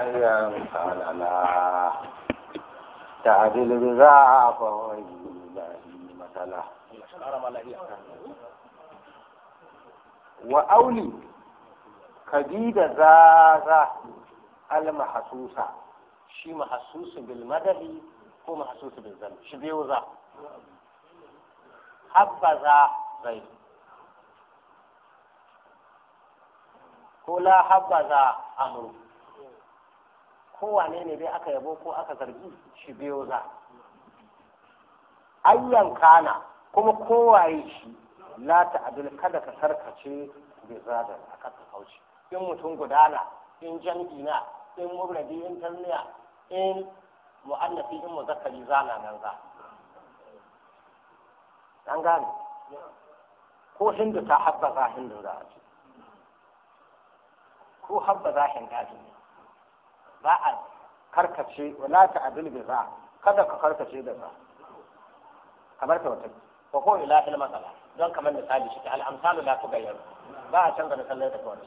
أيام قال لا تعدل بذا فهو مثلا وأولي كديد ذا المحسوسة شي محسوس بالمدد هو محسوس بالذنب شبيه ذا حبذا غير كلا حبذا أمره kowane ne dai aka yabo ko aka zargi shi biyo za ayyan kana kuma kowaye shi la ta'dil kada ka sarkace bi zadar aka ka kauce in mutum gudana in jam'i na in mubradi in tarmiya in mu'annafi in muzakkari zana nan za an gane ko hindu ta habba za hindu za ko habba za hindu a karkace wala ta adil bi ra kada ka karkace da ba kamar ta wata ko ko ila ila masala don kamar misali shi al amsalu la tugayyar ba a canza misalai da kawai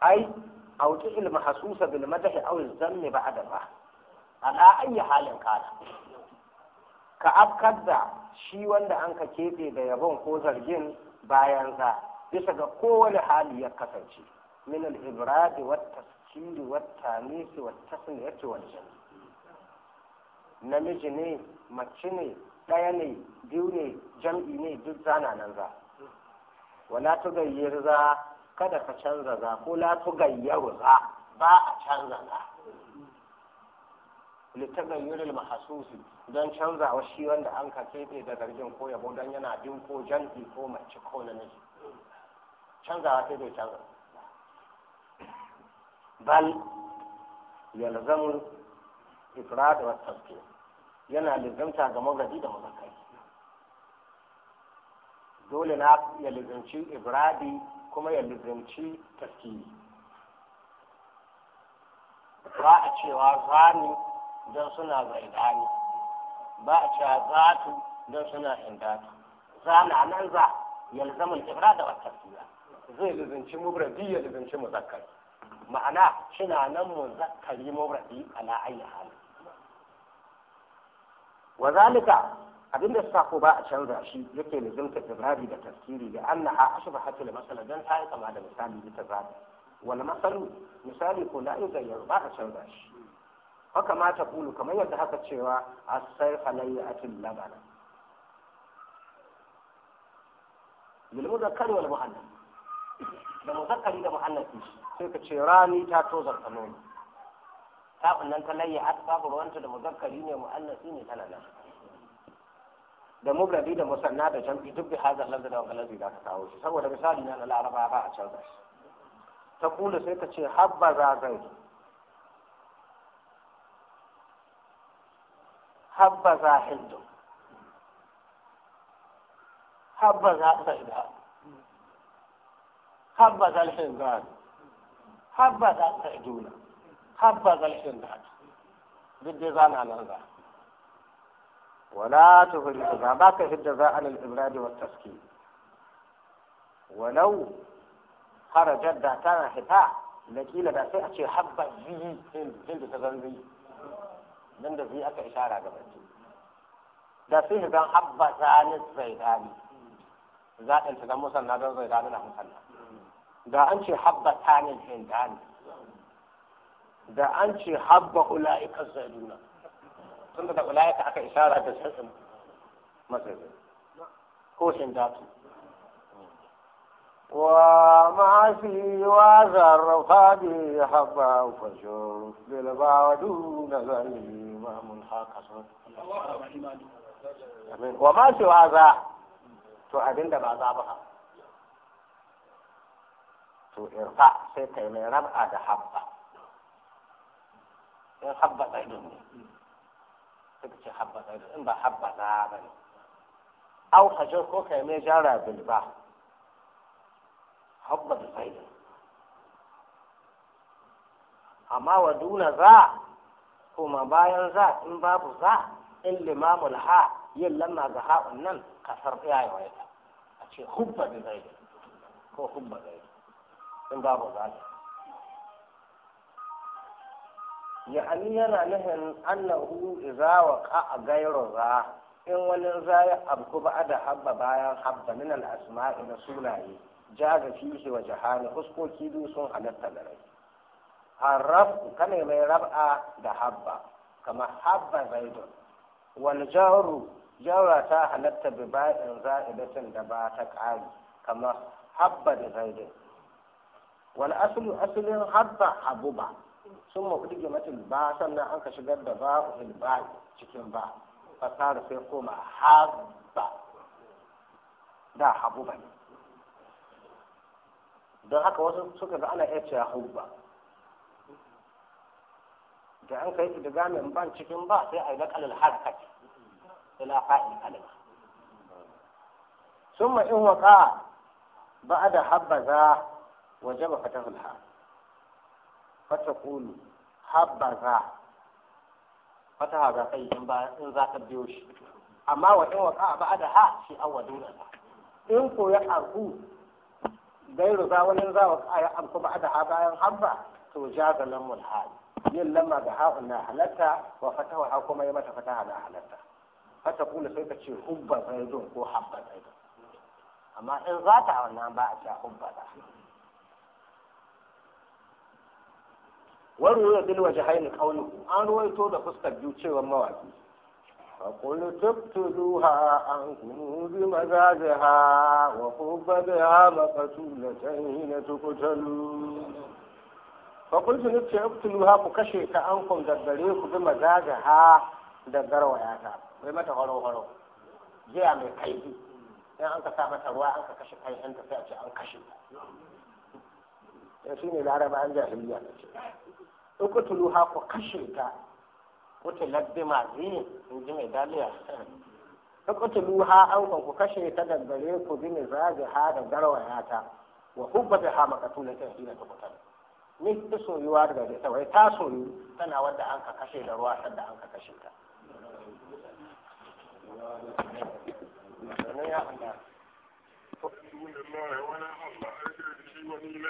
ai bin تجي المحسوسة بالمدح أو الذم بعد a على أي halin kana. ka ذا shi wanda an ka kefe da yabon ko zargin bayan za bisa ga kowane hali ya kasance من الإبراد والتسكير والتانيث والتسمية والجمع namiji ne mace ne ɗaya ne biyu ne jam'i ne duk zana nan za wala tu gayyar za kada ka canza za ko la tu za ba a canza za litagayyar mahasusi don canzawa shi wanda an ka keɓe da zargin ko yabo don yana bin ko ko mace ko namiji canzawa sai bai canza bal yalzamu ifrad wa tafsir yana lizamta ga mabradi da mazakai dole na ya lizamci ibradi kuma ya lizamci tafsiri ba a cewa zani don suna zaidani ba a cewa zatu don suna hindatu zana nan za yalzamu ibrada wa tafsira zai lizamci mubradi ya lizamci mazakai ma'ana suna nan muzakkari mawradi ala ayyi hali wa zalika abinda suka ko ba a canza shi yake zinka tazabi da tafsiri da annaha ashbahat al masala dan ta yi kama da misali da tazabi wani masalu misali ko la zayyar ba a canza shi haka ma ta kulu kamar yadda haka cewa as-sayf alayyatul labana bil zakari wal muhannas da muzakkari da muhannafi sai ka ce rani ta tozar ta nono ta nan ta layya a babu ruwanta da muzakkari ne muhannafi ne tana nan da mubradi da musanna da jam'i duk da haza lafzi da wakalazi za ka kawo shi saboda misali na laraba ba a canza shi ta kula sai ka ce habba za zai habba za hindu habba za zai هبط الحنطان هبط العجولة هبط الحنطان بالديزان على الله ولا تفرد باك في الجزاء عن الإبراد والتسكين ولو خرجت دا كان لكي لكيل دا سيأتي حبة زي هند هند تغنزي dan زي أكا إشارة ishara ga bacci da sai zan habba ta nisbai dani za ta zama musanna don da an ce habba tanin hindani da an ce habba ula'ika zaruna tun da ula'ika aka isara da sassan matsayi ko hindatu وما في وذا الرفاد حبا فشر بالبا ودون ذلي ما وما في وذا to abinda da ba za ba في إرفع سيتا إلى رب هذا حبة إن حبة تعدوني تبت حبة تعدوني إن بحبة تعدوني أو حجر كوكا يمي جارة بالبا حبة تعدوني أما ودون ذا كما باين ذا إن باب إن لمام الحاء يلما ذهاء النم كفر إياه ويتا أشي حبة تعدوني هو حبة تعدوني in babu zaɓi ya'ani yana nufin annahu ka a ghayru za in wani za ya abu ba da habba bayan habba min al asma'i na sunaye jaza fihi wa jahani huskoki du sun halatta da rai arraf kane mai rab'a da habba kama habba zaidun wal jawru jawra ta halatta bi ba'in za'idatin da ba ta kari kama habba da zaidun wal aslu aslin habba habuba sun mafi matul ba sannan an ka shigar da ba ba cikin ba fasara sai koma habba da habuba ne don haka wasu suka ga ana iya cewa hubba da an kai idgamin ban cikin ba sai a yi naƙalin harkat ila fa'il kalima summa in da ba'da za. وجب فتح الحاء فتقول حبذا فتح ذا كي إن ذاك بيوش أما وإن وقع بعدها في أول دون إن كو يقعبو غير ذا ولن ذا وقع أمكو بعدها باين حبة توجاب لم الحال yin lamma da ha'un na halatta wa fatawa ha kuma ya mata fataha na halatta fata kula sai ka ce hubba zaidun ko habba zaidun amma in za ta wannan ba a ce hubba da war wuya dina waje hali kawai an waito da fuskar biyu cewar mawaki. a kuli tibbta duha an kun bi maza jihar waƙo ba biya matsa suna sanya tukutannin. ka kuma tuni ki tibbta duha ku kashe ta an kun daddare ku bi maza jihar da darawaya ta. kuma mata horo horo jiya mai kai biyu in an ka samata ruwa an ka kashe kayan da ta yace an kashe. ina shi ne laraba an jiyya uqtuluha ku kashe ta wata labbi mazi in ji mai daliya uqtuluha an kan ku kashe ta da gare ku bi mizaji ha da garwaya ta wa hubbata ha makatulata hina ta kutar ni ta soyuwa daga da ita wai ta soyu tana wadda an ka kashe da ruwa sanda an ka kashe ta Thank you.